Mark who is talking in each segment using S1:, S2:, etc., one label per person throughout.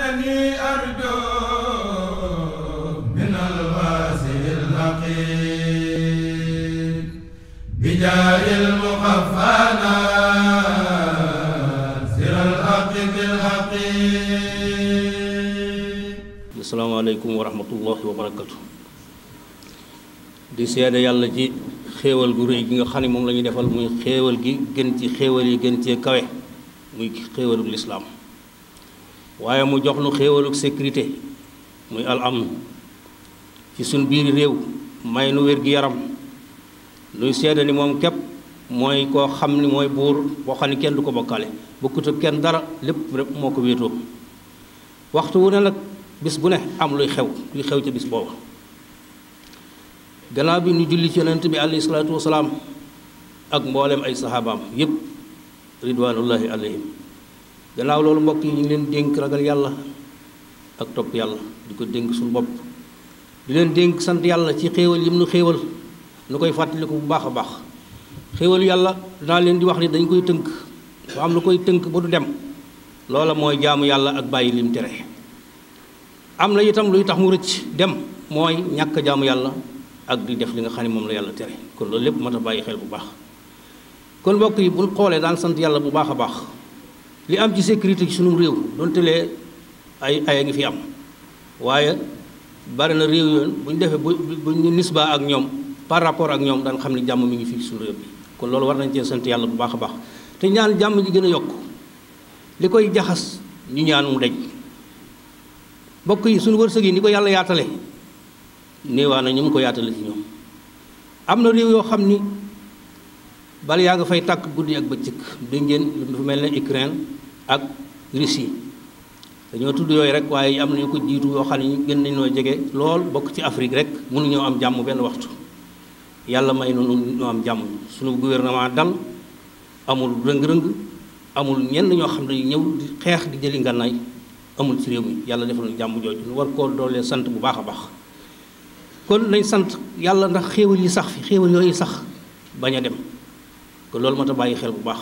S1: إنني أرجو من الغازي اللقيم بجاه المخفانا سر الحق السلام عليكم ورحمة الله وبركاته di seede yàlla ci xéewal gu rëy gi nga xam ne moom la ñu defal muy xéewal gi gën ci xéewal yi gën cee kawe muy xéewalu lislaam waaye mu jox nu xéewaluk sécurité muy al amn ci suñ biir réew may nu wér-gi-yaram nuy seede ni moom képp mooy ko xam ni mooy buur boo xam ni kenn du ko bokkale bokkut ak kenn dara lépp rek moo ko wéetoo waxtu wu ne nag bis bu ne am luy xew luy xew ci bis booba gannaaw bi nu julli ci yonent bi alayhi salaatu wasalaam ak mboolem ay saxaabaam yépp ridwanullahi alayhim gannaaw loolu mbokk yi ñu ngi leen dénk ragal yàlla ak topp yàlla di ko dénk suñu bopp di leen dénk sant yàlla ci xéewal yi nu xéewal nu koy fàttaliku bu baax a baax xéewalu yàlla dinaa leen di wax ni dañ koy tënk ba am lu koy tënk ba du dem loola mooy jaamu yàlla ak bàyyi lim tere am na itam luy tax mu rëcc dem mooy ñàkk jaamu yàlla ak di def li nga xam ne moom la yàlla tere kon loolu lépp mat a bàyyi xel bu baax kon mbokk yi bu xoolee daan sant yàlla bu baax a baax li am ci sécurité ci sunu réew donte lee ay ay a ngi fi am waaye bari na réew yoon bu ñu defee bu bu nisbaa ak ñoom par rapport ak ñoom daan xam ne jàmm mi ngi fi sunu réew bi kon loolu war nañ cee sant yàlla bu baax a baax te ñaan jàmm ji gën a yokk li koy jaxas ñu ñaan mu deñ mbokk yi sunu wërsëg yi ni ko yàlla yaatale néewaa na ñu mu ko yaatale ci ñoom am na réew yoo xam ni bal yaa nga fay tàkk guddi ak bëccëg dégg ngeen lu mel ne Ukraine ak Russie dañoo tudd yooyu rek waaye am nañu ko jiitu yoo xam ne ñu gën nañoo jege lool bokk ci Afrique rek mënuñoo am jàmm benn waxtu yàlla may nu ñu am jàmm sunu gouvernement dal amul rëng-rëng amul ñenn ñoo xam ne ñëw di xeex di jëli ngànnaay amul ci réew mi yàlla defal na jàmm jooju ñu war koo doolee sant bu baax a baax kon nañ sant yàlla ndax xéewal yi sax fi xéewal yooyu sax bañ a dem kon loolu moo tax bàyyi xel bu baax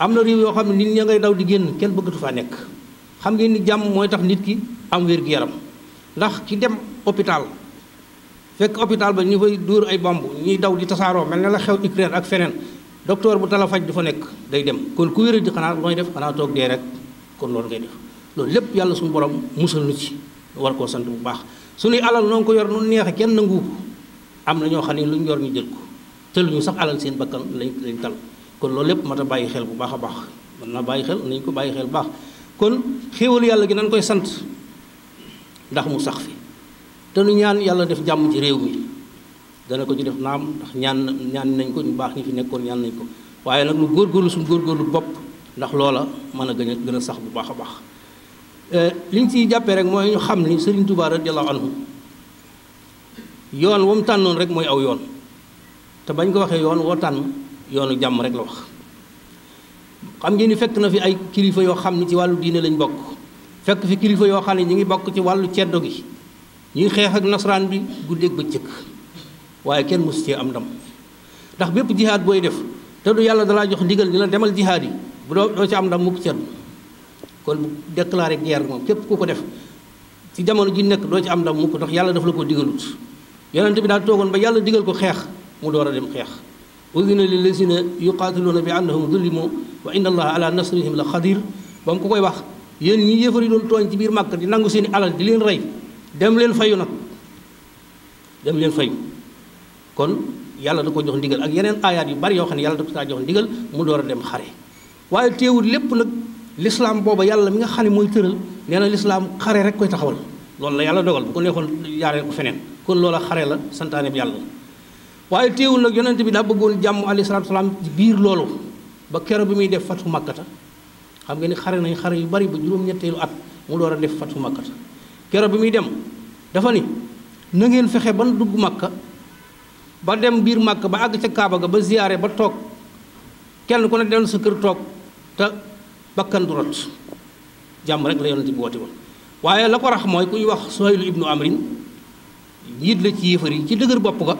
S1: am na réew yoo xam ne nit ña ngay daw di génn kenn bëggatu faa nekk xam ngeen ni jam mooy tax nit ki am wér gu yaram ndax ki dem hôpital fekk hôpital ba ñu fay dóor ay bomb ñuy daw di tasaaroo mel la xew Ukraine ak docteur bu tala faj du fa nekk day dem kon ku wér di xanaa looy def xanaa tok dee rek kon loolu ngay def loolu lépp yàlla suñu borom musal nu ci war kosan sant bu baax ala alal noo ko yor nu neexe kenn nangu am na ñoo xam ne lu yor ñu jël ko te ñu sax alal seen bakkan lañ tal kon loolu lépp mat bàyyi xel bu baax a baax mën na bàyyi xel nañ ko bàyyi xel bu baax kon xéewal yàlla gi nañ koy sant ndax mu sax fi te ñaan yàlla def jàmm ci réew mi dana ko ci def naam ndax ñaan ñaan nañ ko ñu baax ñi fi nekkoon ñaan nañ ko waaye nag lola góorgóorlu suñu góorgóorlu bopp ndax loola mën a gën a gën a sax bu baax a baax euh, liñ ciy jàppee rek mooy ñu xam ni Sëriñ Tuubaa radiyallaahu anhu yoon wa mu tànnoon rek mooy aw yoon te bañ ko waxee yoon woo tànn yoonu jàmm rek la wax xam ngeen ni fekk na fi ay kilifa yoo xam ni ci wàllu diine lañ bokk fekk fi kilifa yoo xam ne ñu ngi bokk ci wàllu ceddo gi ñuy xeex ak nasaraan bi guddeeg bëccëg waaye kenn mus cee am ndam ndax bépp jihaad booy def te du yàlla dalaa jox ndigal ni la demal jihaad yi bu doo doo ci am ndam mukk ceddo kon bu déclaré guerre moom képp ku ko def ci jamono ji nekk doo ci am ndam mukk ndax yàlla daf la ko digalut yonent bi daal toogoon ba yàlla digal ko xeex mu door a dem xeex أذن للذين يقاتلون بأنهم ظلموا وإن الله على نصرهم لخدير بام كوكاي واخ يين ني يفري دون توغ تي بير مكه دي نانغو سيني علال دي لين راي دم لين فايو نك دم لين فايو كون يالا داكو جوخ ديغال اك يينن ايات يو بار يو خاني يالا داكو تا جوخ ديغال مو دورا ديم خاري واي تيوود ليپ نك الاسلام بوبا يالا ميغا خاني موي تيرل نينا الاسلام خاري رك كوي تاخوال لول لا يالا دوغال بو كو نيخون يارين كو فنين كون لولا خاري لا سانتاني بيالا يالا waaye téewul nag yonent bi daa bëggoon jàmm alayhi salaatu salaam ci biir loolu ba kero bi muy def fatu màkkata xam nga ni xare nañ xare yu bari ba juróom-ñetteelu at mu door a def fatu màkkata kero bi muy dem dafa ni na ngeen fexe ba dugg màkka ba dem biir màkk ba àgg ca kaaba ga ba ziyaare ba toog kenn ku ne dellu sa kër toog te bakkan du rot jàmm rek la yonent bi woote woon waaye la ko rax mooy ku ñu wax Suhaylu ibnu Amrin jiit la ci yéefar yi ci dëgër bopp ga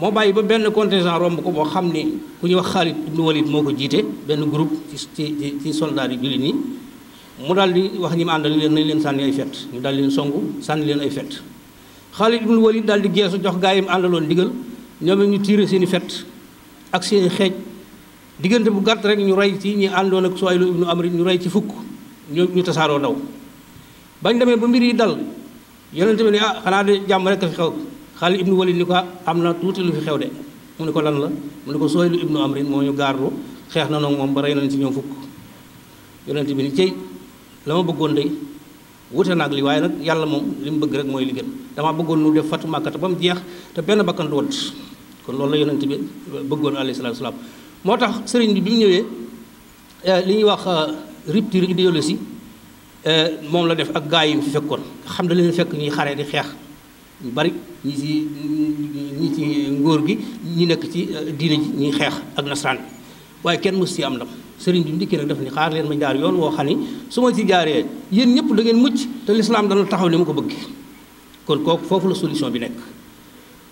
S1: moo bàyyi ba benn contingent romb ko boo xam ne ku ñuy wax Xaalid ibnu Walid moo ko jiite benn groupe ci ci ci soldats yi jullit mu daal di wax ñi mu àndal leen nañ leen sànni ay fett ñu daal leen songu sànni leen ay fett Xaalid ibnu Walid daal di geesu jox gaa yi mu àndaloon ndigal ñoom ñu tiire seen i fett ak seen i xeej diggante bu gàtt rek ñu rey ci ñi àndoon ak Suwaylu ibnu Amri ñu rey ci fukk ñu ñu tasaaroo bañ demee ba mbir yi dal yonente bi ne ah xanaa de jàmm rek xew Xaalid ibnu Walid ni ko am na tuuti lu fi xew de mu ne ko lan la mu ne ko Suhayl ibnu Amrin moo ñu gaarlu xeex na noonu moom ba rey nañ ci ñoo fukk yonent bi ni cey la ma bëggoon day wute nag li waaye nag yàlla moom li mu bëgg rek mooy li gën damaa bëggoon nu def fatu màkkata ba mu jeex te benn bakkan du wat kon loolu la yonent bi bëggoon alayhi salaatu salaam moo tax sëriñ bi bi mu ñëwee eh, li ñuy wax eh, rupture idéologie eh, moom la def ak gaa yi fi fekkoon xam da leen fekk ñuy xare di xeex ñu bari ñi ci ñi ci ngóor gi ñi nekk ci euh, diine ji ñuy xeex ak nasaraan waaye kenn mës ci am ndam sëriñ bi ndikkee nag daf ni xaar leen ma jaar yoon woo xam ni su ma ci jaaree yéen ñëpp da ngeen mucc te lislaam dana taxaw ni ma ko bëgg kon kooku foofu la solution bi nekk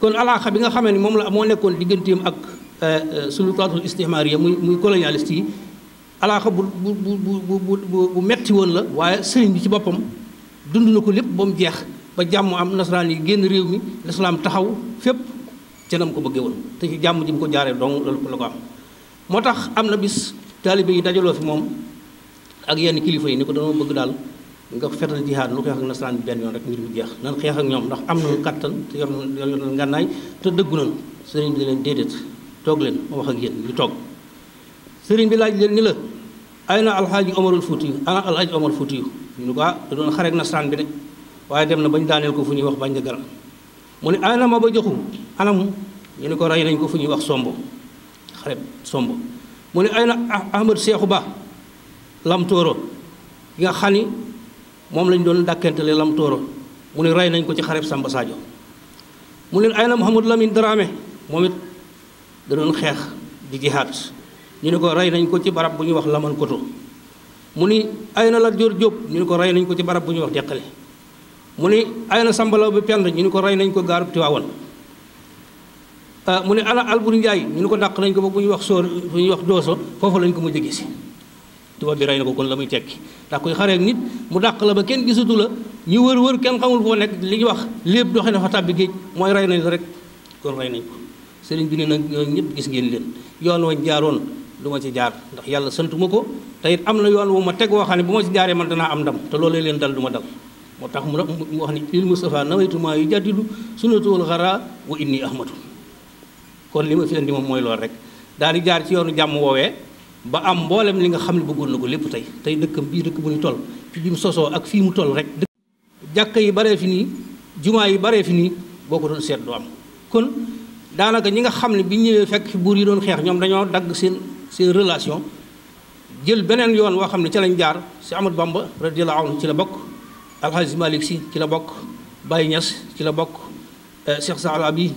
S1: kon alaaxa bi nga xamee ni moom la moo nekkoon digganteem ak euh, euh, sulutaatul istihmaariya muy muy colonialiste yi alaaxa bu bu bu bu bu metti woon la waaye sëriñ bi ci boppam dund na ko lépp ba mu jeex ba jàmm am nasaraan yi génn réew mi lislaam taxaw fépp ca ko bëggee woon te ci jàmm ji mu ko jaaree dong la ko am moo tax am na bis taalibe yi dajaloo fi moom ak yenn kilifa yi ni ko dama bëgg daal nga fetal jihaad lu xeex ak nasaraan bi benn yoon rek ngir mu jeex nan xeex ak ñoom ndax am nañu kattan te yor nañu ngànnaay te dëggu nañu sëriñ bi leen toog leen ma wax ak toog sëriñ bi laaj leen ni la ay na alxaaji omarul fuuti yu ana alxaaji omar fuuti yu ñu ne ko ah da waaye dem na bañ daaneel ko fu ñuy wax bañ da garam mu ne ana ma ba joxu anam ñu ne ko rey nañ ko fu ñuy wax sombo xareb sombo mu ay na ahmad seexu ba lamtooro gi nga xam ni moom lañ doon dàkkantele lamtooro mu ne rey nañ ko ci xareb samba sadio mu ne ay na mouhamadou lamine dramé moom it da doon xeex di jihaad ñu ne ko rey nañ ko ci barab bu ñuy wax laman koto mu ni ay na lat joor jóob ñu ne ko rey nañ ko ci barab bu ñuy wax deqale mu ni ayna sambalaw bi pend ñu ni ko rey nañ ko gaarub Tiwaawan ah, mu ni ana Alburi Njaay ñu ni ko dàq nañ ko ba bu ñuy wax sóor bu ñuy wax dooso foofu lañ ko mujj gis tubaab bi rey na ko kon la muy tekki ndax koy xareek nit mu dàq la ba kenn gisatu la ñu wër wër kenn xamul foo li ñuy wax lépp doxe na fa tàbbi géej mooy rey nañ la rek kon rey nañ ko sëriñ bi ne nag ñooñu ñëpp gis ngeen leen yoon wañ jaaroon lu ma ci jaar ndax yàlla santuma ko te it am na yoon wu ma teg woo xam ne bu ma ci jaaree man danaa am ndam te loolu leen dal du ma dal moo tax mu nag mu wax ni lil Moustapha nawaytu maa iya sunnatul xara wa inni ahmadu kon lima ma fi andi moom mooy loolu rek daal di jaar ci yoonu jàmm woowee ba am mboolem li nga xam ne bëggoon na ko lépp tey tey dëkkam bu ñu toll fi bi mu ak fii mu toll rek dëkk jàkka yi baree fi nii jumaa yi baree fi nii boo ko doon seet am kon daanaka ñi nga xam ne bi ñëwee fekk fi buur yi doon xeex ñoom dañoo dagg seen seen relation jël beneen yoon woo xam ne lañ jaar si Ahmad Bamba radiyallahu anhu ci la bokk alxaaji malik si ci la bokk Baye kilabok ci la bokk eh, Cheikh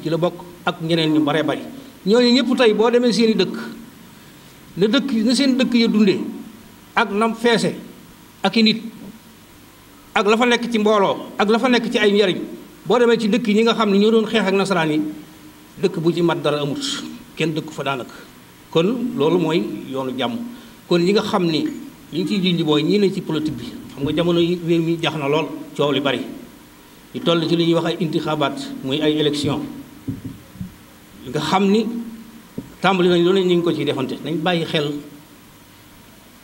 S1: ci la ak ñeneen ñu bare bari ñooñu ñëpp tey boo demee seen i dëkk na dëkk na seen dëkk ya dundee ak nam feese ak i nit ak la fa nekk ci mbooloo ak la fa nekk ci ay njariñ boo demee ci dëkk ñi nga xam ne ñoo doon xeex ak nasaraan dëkk bu ci mat dara amut kenn dëkk fa kon loolu mooy yoonu jàmm kon ñi nga xam ni li ñu ciy junj booy ci politique bi xam nga jamono yi réew mi jax na lool coow li bari ñu toll ci li ñuy wax ay intixabaat muy ay élection nga xam ni tàmbali nañ lu ne ñu ngi ko ciy defante nañ bàyyi xel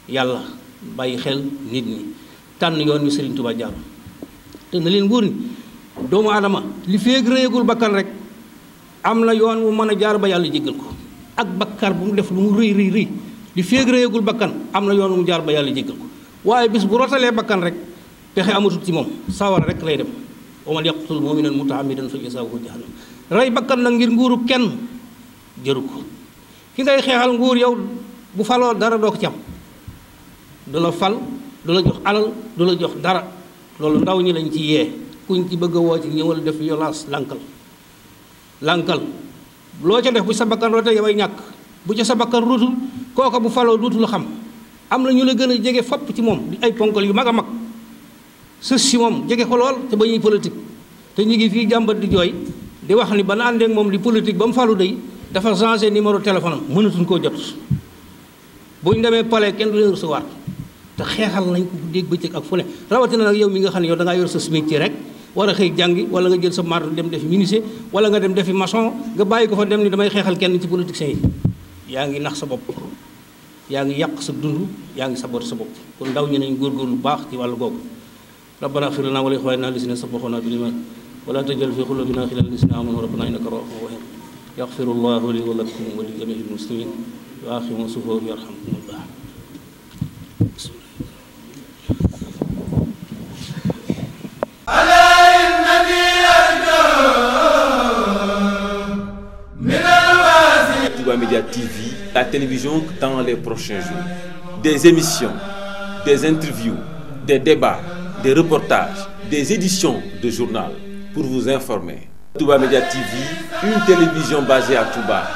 S1: yàlla bàyyi xel nit ñi tànn yoon wi Serigne Touba jaar te na leen wóor ni doomu adama li feeg réyagul bakkan rek am na yoon mu mën a jaar ba yàlla jéggal ko ak bakkaar bu mu def lu mu rëy rëy rëy li feeg réyagul bakkan am na yoon wu mu jaar ba yàlla jéggal ko waaye bis bu rotalee bakkan rek pexe amatul ci moom sawara rek lay dem wa man yaqtul muminan mutaamidan fa jasaawuhu jahannam rey bakkan nag ngir nguuru kenn jëru ko ki ngay xeexal nguur yow bu faloo dara doo ko ci am du la fal du la jox alal du la jox dara loolu ndaw ñi lañ ci yee kuñ ci bëgg a woo ci ñëwal def violence lànkal lànkal loo ca def bu sa bakkan rotee ñàkk bu ca sa bakkan rutul kooka bu faloo duutul xam am na ñu la gën a jege fopp ci moom ay ponkal yu mag a mag sës si moom jege ko lool te ba ñuy politique te ñu ngi fii jàmbat di jooy di wax ni ba na àndeek moom di politique bam mu falu day dafa changé numéro téléphone am mënatuñ koo jot bu ñu demee palais kenn du leen recevoir te xeexal nañ ko dégg bëccëg ak fu ne rawatina nag yow mi nga xam ne yow da ngaa yor sa métier rek war a xëy wala nga jël sa marto dem defi ministre wala nga dem defi maçon nga bàyyi fa dem ni damay xeexal kenn ci politiciens yi yaa ngi nax sa bopp yaa ngi yàq sa dund yaa ngi saboot sa bopp kon ndaw ñi nañ góorgóorlu baax ci wàllu googu rabbana xfir lana wa li ixwanina allasina sabaquna bil iman wala tajal fi qulubina xilan lisina amanu rabbana innaka rahman rahim yaxfiru llahu li wa lakum wa li jamiil muslimin wa aximu sufoor yarhamkumullah la télévision dans les prochains jours. Des émissions, des interviews, des débats, des reportages, des éditions de journal pour vous informer. Touba Media TV, une télévision basée à Touba.